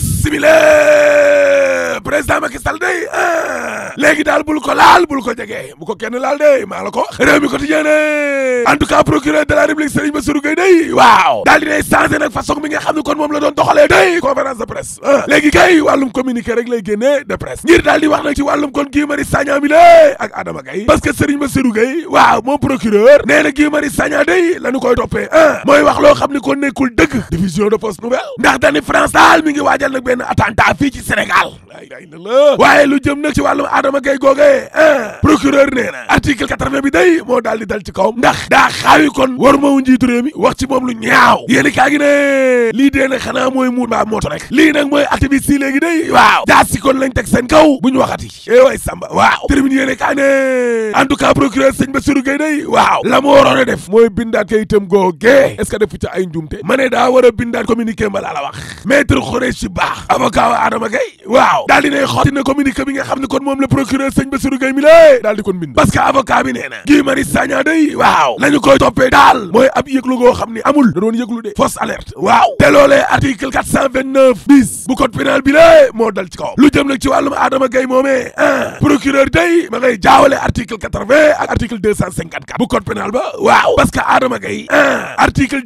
bismillah président Macky Sall day ah. daal bul ko laal bul ko jege bu ko kenn laal day maa la ko réew mi quotidien en tout cas procureur de la république Serigne Bassirou Gueye day waaw daal di day changé nag façon bi nga xam ne kon moom la doon doxalee day conférence de presse ah. léegi kay wàllum communiqué rek lay génnee de presse ngir daal di wax nag ci wàllum kon Guy Marius Sagna mi lé ak Adama Gaye parce que Serigne Bassirou Gueye waaw moom procureur nee na Guy Marius Sagna day la ñu koy toppee ah. mooy wax loo xam ni kon nekkul dëgg division de poste nouvelle ndax dañi France daal mi ngi waajal nag benn attentat fii ay ay waaye lu jëm nag ci wàllum Adama Gaye googee ah procureur nee na article bi day moo daal di dal ci kawam ndax daa xaawi kon war mawu njiitu réew mi wax ci moom lu ñaaw yéeni kaa gi ne lii dee nag xanaa mooy muur mbaa mooto rek lii nag mooy activiste yi léegi day waaw jaas kon lañ teg seen kaw bu ñu waxati ee eh waay Samba waaw termine yéene kaa ne en tout cas procureur sëñ Bassirou Gueye day waaw la mu waroon def mooy bindaat kay itam googee est-ce que defu ci ay njumte ma ne daa war a bindaat communiqué mbala la wax maître Khoureyssi Ba avocat wa Adama waaw daal dinay xotti na communiqué bi nga xam ne kon moom le procureur sëñ Bassirou Gueye mi lée daal di kon bind parce que bi nee na Guy Marius day waaw lañu koy toppee daal mooy ab yëglu goo xam ne amul da doon yëglu de fausse alerte waaw te loolee article 429 bis bu code bi lée moo dal ci kaw lu jëm nag ci wàllum Adama Gueye moomee ah procureur day ma ngay jaawale article 80 ak article 254 bu code pénal ba waaw parce que Adama Gueye ah article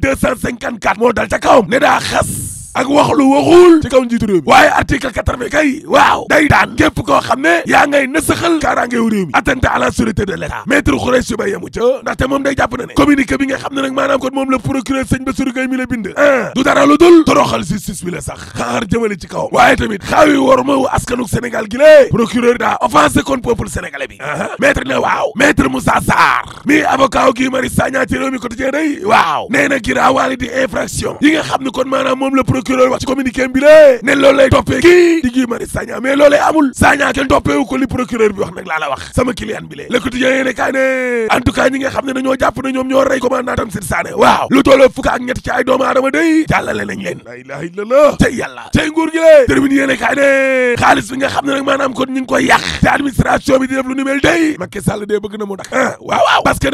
ak wax lu waxul ci kaw njiitu réew mi waaye article quatre-vingt kay waaw day daan képp koo xam ne yaa ngay nasaxal kaaraangeewu réew mi atteinte à la sûreté de l'État maître Khoureychi Ba yemu ca ah. ndaxte moom day jàpp na ne communiqué bi nga xam ne nag maanaam kon moom la procureur sëñ Bassirou Guèye mi la bind ah. ah du dara lu dul toroxal justice bi la sax xaar jëmale ci kaw waaye tamit xaawi war ma wu askanuk Sénégal gi lée procureur daa offensé kon peuple sénégalais procureur wax ci communiqué bi lée ne loolu toppee kii di Guy Marius Sagna mais loolee amul Sagna kenn toppeewu ko li procureur bi wax nag laa la wax sama client bi lee le quotidien yéene kaay ne en tout cas ñi nga xam ne dañoo jàpp ak ñett ci doomu aadama day jàllale nañ leen la ilaha illallah tey nguur gi lée termine yéene kaay bi nga xam ne nag maanaam kon ñu ngi koy te administration bi def lu ni mel day Macky dee bëgg na mu dak ah waaw waaw parce que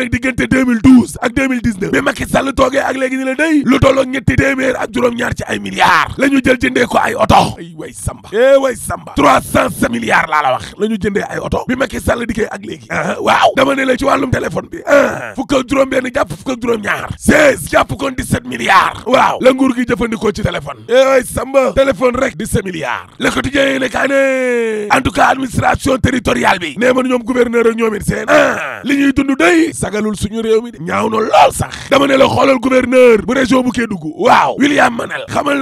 nag milliards la ñu jël jëndee ko ay oto ay way eh samba trois cent sept milliards laa la wax la ñu jëndee ay oto bi Macky Sall dikkee ak léegi ah, waaw dama ne la ci wàllum bi a ah, fukk ak juróom benn jàpp fukk ak juróom ñaar seize jàpp kon dix-sept milliards waaw la nguur gi jëfandikoo ci téléphone eh way samba téléphone rek dix-sept milliards le quotidien yi ne kaa ne en tout cas administration territoriale bi nee man ñoom gouverneur ak ñoom it seen ah li ñuy dund day sagalul suñu réew mi ñaaw na lool sax ne la xoolal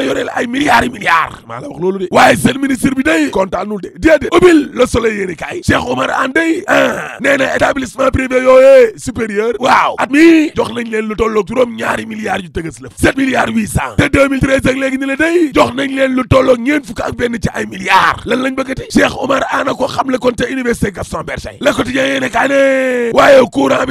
a yoreel ay milliards yi milliards maa la wax loolu de waaye seen ministre bi day kontaanul de déedéet ubbil le soleil yéeni kaay Omar Anne day ah nee na établissement privé yooyee supérieur waaw at mi jox nañ leen lu tolloog juróom ñaari milliards yu tëgës lëf sept milliards huit cent te 2013 ak léegi ni la day jox nañ leen lu tolloog ñeen fukk ak benn ci ay milliards lan lañ bëggati Cheikh Omar Anne ko xam le kon te université Gaston Berger Le Quotidien yéene kaay ne waaye courant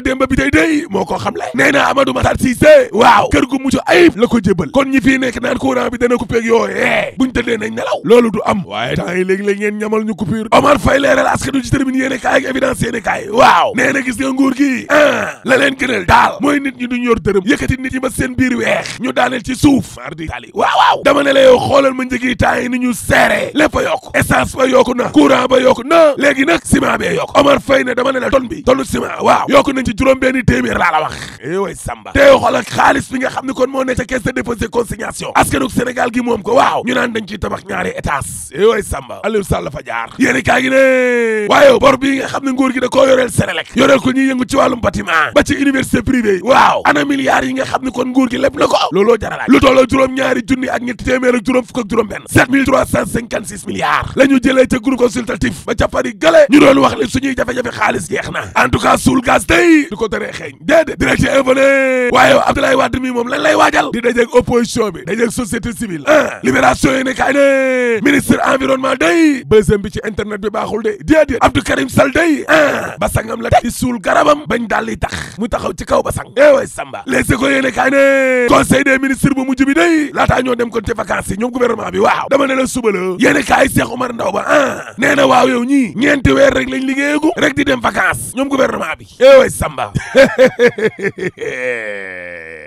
ma démba bi tey day moo ko xamle nee na Amadou Makhtar Cissé waaw kër gu mucc ayib la ko jébal kon ñi fii nekk naan courant bi dana coupé ak yooyee buñ tëddee nañ nelaw loolu du am waaye temps yi léegi-léeg ñamal ñu coupure Omar Faye leeral askan ci termine yéene kaay ak waaw nee gis nga nguur gi ah la leen gënal daal mooy nit ñi duñ yor dërëm yëkkati nit ñi ba seen biir weex ñu daaneel ci suuf waaw waaw dama ne la xoolal ma njëgi temps a ci juróom-benni téeméer laa la wax eh way Samba tey xoolal xaalis bi nga xam ne kon moo nekk ca caisse de dépôt et consignation askanug Sénégal gi moom ko waaw ñu naan dañ ciy tabax ñaari étages eh way Samba Aliou Sall fa jaar yéeni kaa ne waaye bor nga xam ne nguur gi da koo yoreel Sénélec yoreel ko ñuy yëngu ci wàllum bâtiment ba ci université privée waaw ana milliards yi nga xam ne kon nguur gi lépp na ko looloo jaralaaj lu tolloo juróom-ñaari junni ak lii du ko teree xeeñ déedéet waaye yow Abdoulaye mi moom lan waajal di dajeeg opposition bi dajeeg société civile a libération yéene kaay ne ministre environnement day besoin bi ci internet bi baaxul de déedéet Abdou Karim Sall day a basangam la teg di suul garabam bañ daal di mu taxaw ci kaw basang eh way samba léegi ko yéene kaay ne conseil des ministres bu mujj bi day laataa ñoo dem kon te vacances yi ñoom gouvernement bi waaw dama ne la suba la kaay Cheikh ba ah nee na Samba ne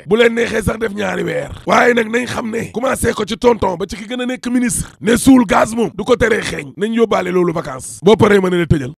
leen neexee sax def ñaari weer waaye nag nañ xam ne commencé ko ci tonton ba ci ki gën a nekk ministre ne suul gaz moom du ko teree xeeñ nañ yóbbaale loolu vacances boo paree ma le la tëjal